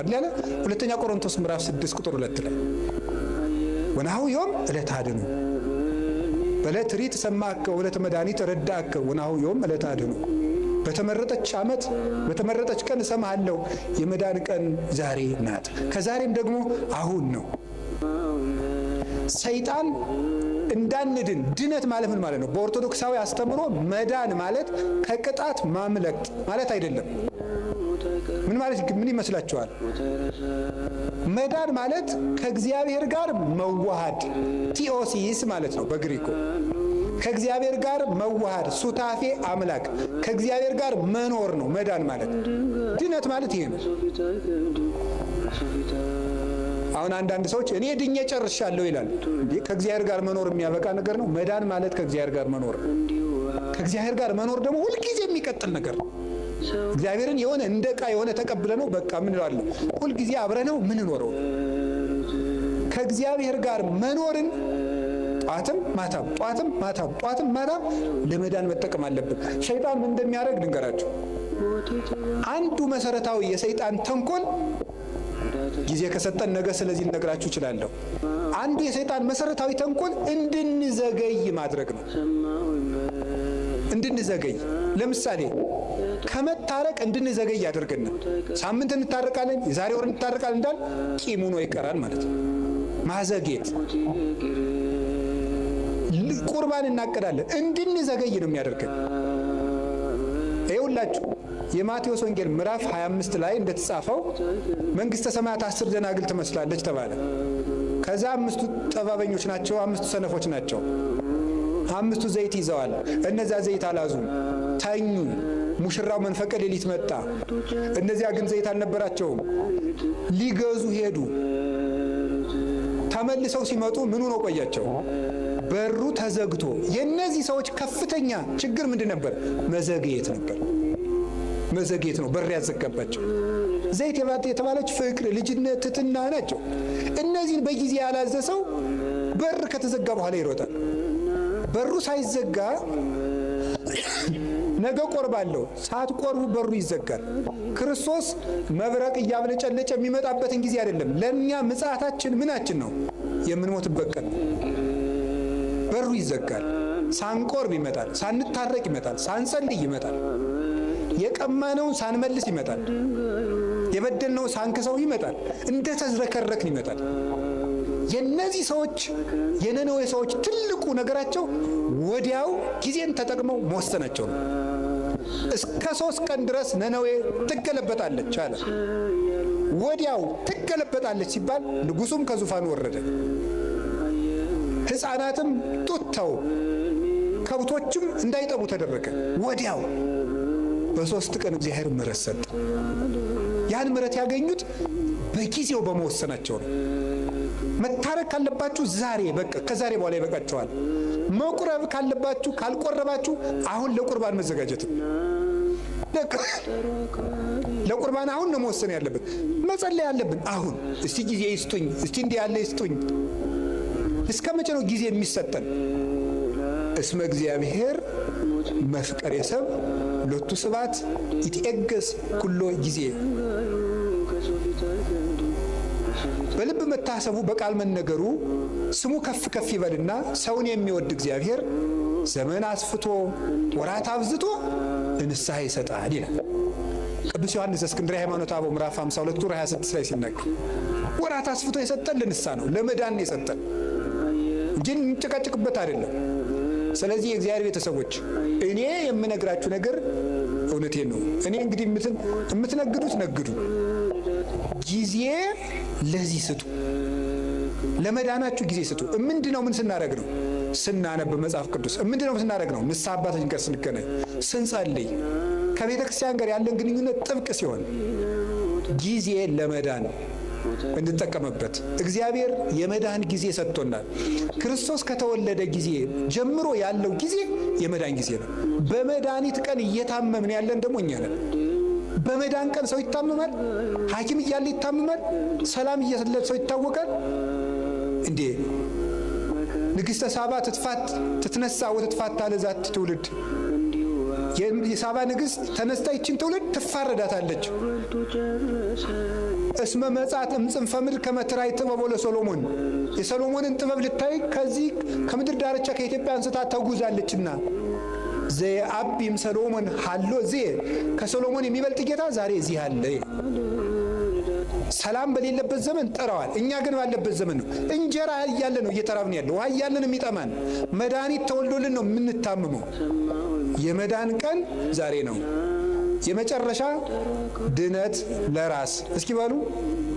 አድላለ ሁለተኛ ቆሮንቶስ ምዕራፍ 6 ቁጥር 2 ላይ ዮም እለት አድኑ በዕለት ሪት ሰማከ ወለት መድኃኒት ረዳከ ዮም እለት አድኑ በተመረጠች ዓመት በተመረጠች ቀን እሰማሃለሁ። የመዳን ቀን ዛሬ ናት፣ ከዛሬም ደግሞ አሁን ነው። ሰይጣን እንዳንድን ድነት ማለት ምን ማለት ነው? በኦርቶዶክሳዊ አስተምሮ መዳን ማለት ከቅጣት ማምለክት ማለት አይደለም። ምን ማለት ምን ይመስላችኋል? መዳን ማለት ከእግዚአብሔር ጋር መዋሃድ ቲኦሲስ ማለት ነው በግሪኮ ከእግዚአብሔር ጋር መዋሃድ ሱታፌ አምላክ ከእግዚአብሔር ጋር መኖር ነው መዳን ማለት። ድነት ማለት ይሄ ነው። አሁን አንዳንድ ሰዎች እኔ ድኜ ጨርሻለሁ ይላል። ከእግዚአብሔር ጋር መኖር የሚያበቃ ነገር ነው። መዳን ማለት ከእግዚአብሔር ጋር መኖር፣ ከእግዚአብሔር ጋር መኖር ደግሞ ሁልጊዜ የሚቀጥል ነገር ነው። እግዚአብሔርን የሆነ እንደ ዕቃ የሆነ ተቀብለ ነው በቃ ምንለዋለን። ሁልጊዜ አብረ ነው ምንኖረው ከእግዚአብሔር ጋር መኖርን ጧትም ማታም ጧትም ማታም ጧትም ማታም ለመዳን መጠቀም አለብን። ሸይጣን ምን እንደሚያደርግ ልንገራችሁ። አንዱ መሰረታዊ የሰይጣን ተንኮል ጊዜ ከሰጠን ነገ ስለዚህ ልነግራችሁ እችላለሁ። አንዱ የሰይጣን መሰረታዊ ተንኮል እንድንዘገይ ማድረግ ነው። እንድንዘገይ ለምሳሌ ከመታረቅ እንድንዘገይ ያደርገን። ሳምንት እንታረቃለን፣ የዛሬ ወር እንታረቃለን እንዳል ቂሙ ነው ይቀራል ማለት ነው። ማዘጌት ቁርባን እናቀዳለን፣ እንድንዘገይ ነው የሚያደርገን። ይኸውላችሁ የማቴዎስ ወንጌል ምዕራፍ 25 ላይ እንደተጻፈው መንግስተ ሰማያት አስር ደናግል ትመስላለች ተባለ። ከዛ አምስቱ ጠባበኞች ናቸው፣ አምስቱ ሰነፎች ናቸው። አምስቱ ዘይት ይዘዋል፣ እነዛ ዘይት አላዙም፣ ተኙ። ሙሽራው መንፈቀ ሌሊት መጣ። እነዚያ ግን ዘይት አልነበራቸውም፣ ሊገዙ ሄዱ። ተመልሰው ሲመጡ ምኑ ነው ቆያቸው? በሩ ተዘግቶ። የእነዚህ ሰዎች ከፍተኛ ችግር ምንድን ነበር? መዘግየት ነበር። መዘግየት ነው በር ያዘጋባቸው። ዘይት የተባለች ፍቅር፣ ልጅነት፣ ትትና ናቸው። እነዚህን በጊዜ ያላዘ ሰው በር ከተዘጋ በኋላ ይሮጣል። በሩ ሳይዘጋ ነገ ቆርባለሁ። ሳትቆርቡ በሩ ይዘጋል። ክርስቶስ መብረቅ እያብለጨለጨ የሚመጣበትን ጊዜ አይደለም። ለእኛ ምጽአታችን ምናችን ነው? የምንሞትበት ቀን በሩ ይዘጋል። ሳንቆርብ ይመጣል። ሳንታረቅ ይመጣል። ሳንጸልይ ይመጣል። የቀማነውን ሳንመልስ ይመጣል። የበደልነው ሳንክሰው ይመጣል። እንደ ተዝረከረክን ይመጣል። የነዚህ ሰዎች የነነዌ ሰዎች ትልቁ ነገራቸው ወዲያው ጊዜን ተጠቅመው መወሰናቸው ነው። እስከ ሶስት ቀን ድረስ ነነዌ ትገለበጣለች አለ። ወዲያው ትገለበጣለች ሲባል ንጉሱም ከዙፋን ወረደ፣ ሕፃናትም ጡት ተው፣ ከብቶችም እንዳይጠቡ ተደረገ። ወዲያው በሶስት ቀን እግዚአብሔር ምሕረት ሰጠ። ያን ምረት ያገኙት በጊዜው በመወሰናቸው ነው። መታረቅ ካለባችሁ ዛሬ በቃ ከዛሬ በኋላ ይበቃቸዋል። መቁረብ ካለባችሁ ካልቆረባችሁ አሁን ለቁርባን መዘጋጀት ነው። ለቁርባን አሁን ነው መወሰን ያለብን፣ መጸለይ ያለብን አሁን። እስቲ ጊዜ ይስጡኝ፣ እስቲ እንዲህ ያለ ይስጡኝ። እስከ መቼ ነው ጊዜ የሚሰጠን? እስመ እግዚአብሔር መፍቀር የሰብ ሎቱ ስባት ይትኤገስ ኩሎ ጊዜ በልብ መታሰቡ በቃል መነገሩ ስሙ ከፍ ከፍ ይበልና ሰውን የሚወድ እግዚአብሔር ዘመን አስፍቶ ወራት አብዝቶ እንስሐ ይሰጣል ይላል ቅዱስ ዮሐንስ እስክንድርያ ሃይማኖት አበው ምዕራፍ 52 ቁጥር 26 ላይ ሲናገር ወራት አስፍቶ የሰጠን ልንሳ ነው፣ ለመዳን የሰጠን እንጂ እንጨቃጭቅበት አይደለም። ስለዚህ የእግዚአብሔር ቤተሰቦች እኔ የምነግራችሁ ነገር እውነቴን ነው። እኔ እንግዲህ የምትነግዱት ነግዱ፣ ጊዜ ለዚህ ስጡ፣ ለመዳናችሁ ጊዜ ስጡ። ምንድን ነው? ምን ስናደርግ ነው? ስናነብ መጽሐፍ ቅዱስ። ምንድን ነው ስናደርግ ነው? ንስሐ አባታችን ጋር ስንገናኝ፣ ስንጸልይ፣ ከቤተ ክርስቲያን ጋር ያለን ግንኙነት ጥብቅ ሲሆን ጊዜ ለመዳን እንጠቀምበት። እግዚአብሔር የመዳን ጊዜ ሰጥቶናል። ክርስቶስ ከተወለደ ጊዜ ጀምሮ ያለው ጊዜ የመዳን ጊዜ ነው። በመድኃኒት ቀን እየታመምን ያለን ደግሞ እኛ ነን። በመዳን ቀን ሰው ይታመማል። ሐኪም እያለ ይታመማል። ሰላም እየሰለ ሰው ይታወቃል እንዴ ንግሥተ ሳባ ትትፋት ትትነሳ ወትትፋታ ለዛት ትውልድ የሳባ ንግሥት ተነስታ ይችን ትውልድ ትፋረዳታለች። እስመ መጻት እምጽንፈ ምድር ከመትራይ ጥበቦ ለሰሎሞን የሰሎሞንን ጥበብ ልታይ ከዚህ ከምድር ዳርቻ ከኢትዮጵያ አንስታ ተጉዛለችና ዘየአቢም ሰሎሞን ሀሎ ዜ ከሰሎሞን የሚበልጥ ጌታ ዛሬ እዚህ አለ። ሰላም በሌለበት ዘመን ጥረዋል። እኛ ግን ባለበት ዘመን ነው። እንጀራ እያለ ነው እየተራብን ያለው፣ ውሃ እያለን የሚጠማን፣ መድኃኒት ተወልዶልን ነው የምንታመመው የመዳን ቀን ዛሬ ነው። የመጨረሻ ድነት ለራስ እስኪ በሉ